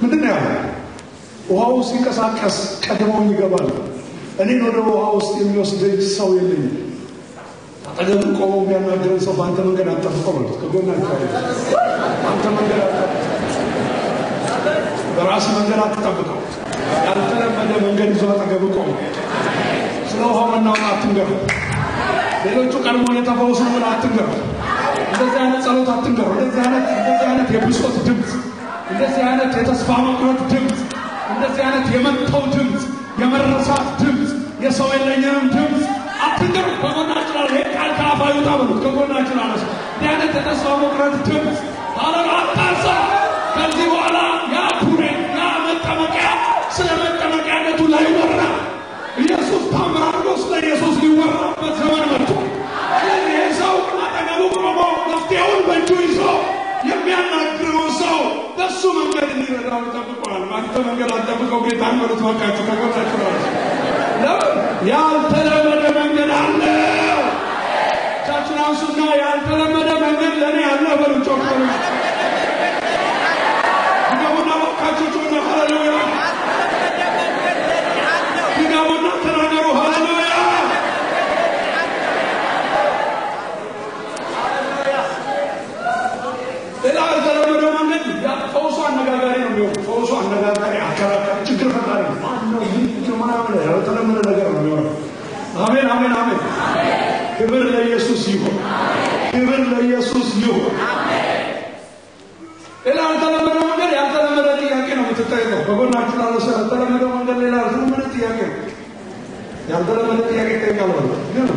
ምንድን ነው ያለው? ውሃው ሲንቀሳቀስ ቀድመውኝ ይገባል። እኔን ወደ ውሃ ውስጥ የሚወስደኝ ሰው የለኝ። አጠገብ ቆሞ የሚያናገረን ሰው በአንተ መንገድ አጠፍቀው ማለት ከጎና አንተ መንገድ በራስ መንገድ አትጠብቀው። ያልተለመደ መንገድ ይዞ አጠገብ ቆሞ ስለ ውሃ መናወጥ አትንገር። ሌሎቹ ቀድሞ የተፈወሱ ምን አትንገር። እንደዚህ አይነት ጸሎት አትንገር። እንደዚህ አይነት የብሶት ድምፅ እንደዚህ አይነት የተስፋ መቁረጥ ድምፅ፣ እንደዚህ አይነት የመተው ድምፅ፣ የመረሳት ድምፅ፣ የሰው የለኝንም ድምፅ አትንገሩ። ከጎናችን አለ ይህ ቃል ከአፋ ይውጣ በሉት። ከጎናችን አለ እንዲህ አይነት የተስፋ መቁረጥ ድምፅ አለም አታንሳ ከዚህ በኋላ መዝራው ጠብቀዋል። ማንተ መንገድ አልጠብቀው ጌታን በሉት። በቃችሁ ተቆጣችኋል። ያልተለመደ መንገድ አለ ቻችን አንሱና ያልተለመደ መንገድ ለእኔ አለ በሉ ጮክ በሉ ካልተለመደው መንገድ ፈውሱ አነጋጋሪ ነው የሚሆነው። ፈውሱ አነጋጋሪ፣ አከራካሪ፣ ችግር ፈጣሪ ማነው ምናምን ያልተለመደ ነገር ነው የሚሆነው። አሜን፣ አሜን፣ አሜን። ክብር ለኢየሱስ ይሁን፣ ክብር ለኢየሱስ ይሁን። ሌላ ያልተለመደው መንገድ ያልተለመደ ጥያቄ ነው የምትጠይቀው። በጎናችሁ ላለ ሰው ያልተለመደው መንገድ ሌላ ያልተለመደ ጥያቄ ነው። ያልተለመደ ጥያቄ ይጠይቃል ማለት ግን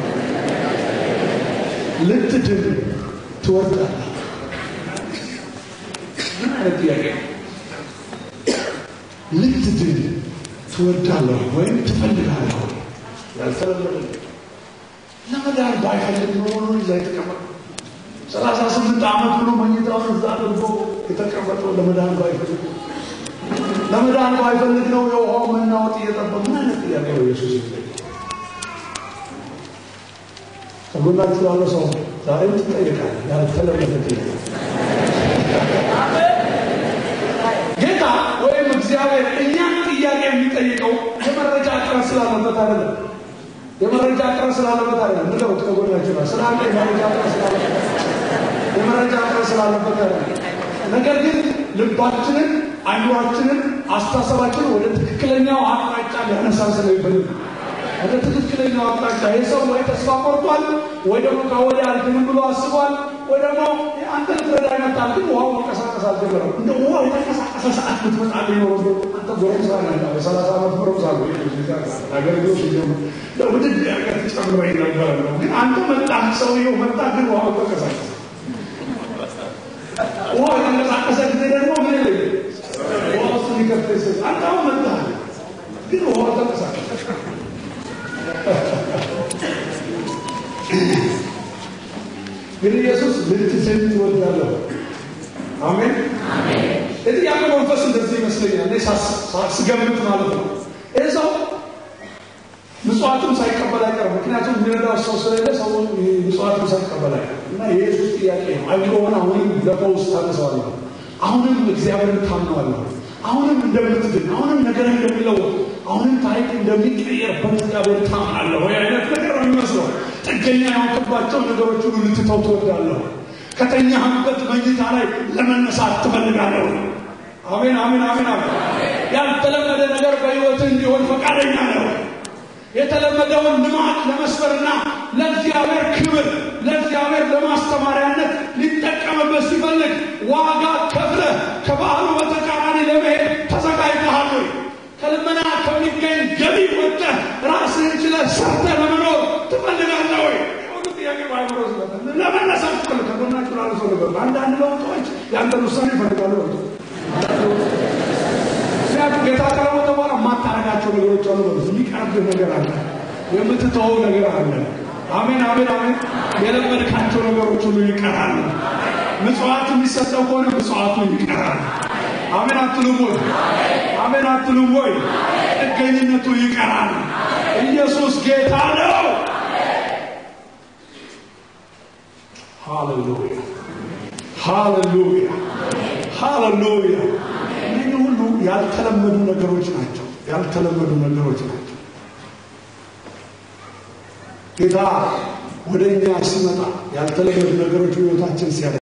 ልትድን ትወርዳለህ አይነት ጥያቄ ነው። ልትድን ትወዳለህ ወይም ትፈልጋለህ? ያልተለመደ ለመዳን ባይፈልግ ኖሮ እዛ የተቀመጠ ሰላሳ ስምንት ዓመት ብሎ መኝታውን እዛ አድርጎ የተቀመጠው ለመዳን ባይፈልግ ለመዳን ባይፈልግ ነው የውሃው መናወጥ እየጠበቅ ምን አይነት ጥያቄ ነው ኢየሱስ ከጎናችሁ ያለ ሰው ዛሬም ትጠይቃለህ። ያልተለመደ ጥያቄ ስላለበት አይደለም። የመረጃ አቅርብ ስላለበት አይደለም። ምለውት ከጎናችሁ ነው ስላለ የመረጃ አቅርብ ስላለበት የመረጃ አቅርብ ስላለበት አይደለም። ነገር ግን ልባችንን፣ አእምሯችንን፣ አስተሳሰባችንን ወደ ትክክለኛው አቅጣጫ ሊያነሳስለው ይፈልጋል። ወደ ትክክለኛው አቅጣጫ የሰው ወይ ተስፋ ቆርጧል፣ ወይ ደግሞ ከወዲያ አልድንም ብሎ አስቧል፣ ወይ ደግሞ አንተ ልትረዳ ይመጣል፣ ግን ውሃው መንቀሳቀስ አልጀመረም። እንደ ውሃ የተንቀሳቀሰ ሰዓት ምትመጣ ሊኖረ አንተ ጎረምሳ ነህ፣ በሰላሳ ዓመት ጎረምሳ ነገር ለውድድ ያርገት ጨምረኝ ነበረ ነው። ግን አንተ መጣህ፣ ሰውየው መጣ፣ ግን ውሃ መንቀሳቀስ ውሃ የተንቀሳቀሰ ጊዜ ደግሞ ግን ኢየሱስ ልትስል ትወዳለሁ። አሜን። እዚህ ያለ መንፈስ እንደዚህ ይመስለኛል ስገምት ማለት ነው። ይህ ሰው ምጽዋቱን ሳይቀበል አይቀርም። ምክንያቱም የሚረዳው ሰው ስለሌለ ሰው ምጽዋቱን ሳይቀበል አይቀርም እና የኢየሱስ ጥያቄ ነው። አእምሮውን አሁንም ለፈውስ ታነሳዋለሁ። አሁንም እግዚአብሔርን ታምነዋለሁ። አሁንም እንደምትድን፣ አሁንም ነገር እንደሚለወጥ አሁንም ታሪክ እንደሚቀየር በመቃብር ታምናለሁ ወይ አይነት ነገር ነው የሚመስለው። ጥገኛ ያውቅባቸው ነገሮች ሁሉ ልትተው ትወዳለሁ። ከተኛህበት መኝታ ላይ ለመነሳት ትፈልጋለሁ። አሜን አሜን አሜን አሜን። ያልተለመደ ነገር በህይወት እንዲሆን ፈቃደኛ ነው። የተለመደውን ልማት ለመስፈርና ለእግዚአብሔር ክብር ለእግዚአብሔር ለማስተማሪያነት ሊጠቀምበት ሲፈልግ ዋጋ ከፍለ ከባህሉ ነገር ሰርተ ለመኖር ትፈልጋለህ ወይ? የሆኑ ጥያቄ በአይምሮ ስለ ለመነሳት ትል ከጎናችሁ ላሉ ሰው ነበር። አንዳንድ ለውጦች ያንተን ውሳኔ ይፈልጋሉ። ወ ምክንያቱም ጌታ ከለወጠ በኋላ የማታረጋቸው ነገሮች አሉ። በብዙ የሚቀርብህ ነገር አለ፣ የምትተወው ነገር አለ። አሜን አሜን አሜን። የለመድካቸው ነገሮች ሁሉ ይቀራሉ። ምጽዋት የሚሰጠው ከሆነ ምጽዋቱ ይቀራል። አሜን አትሉም ወይ? አሜን አትሉም ወይ? ጥገኝነቱ ይቀራል። ኢየሱስ ጌታ ነው። ሃሌሉያ ሃሌሉያ ሃሌሉያ። ይህ ሁሉ ያልተለመዱ ነገሮች ናቸው። ያልተለመዱ ነገሮች ናቸው። ጌታ ወደ እኛ ሲመጣ ያልተለመዱ ነገሮች ህይወታችን ሲያደ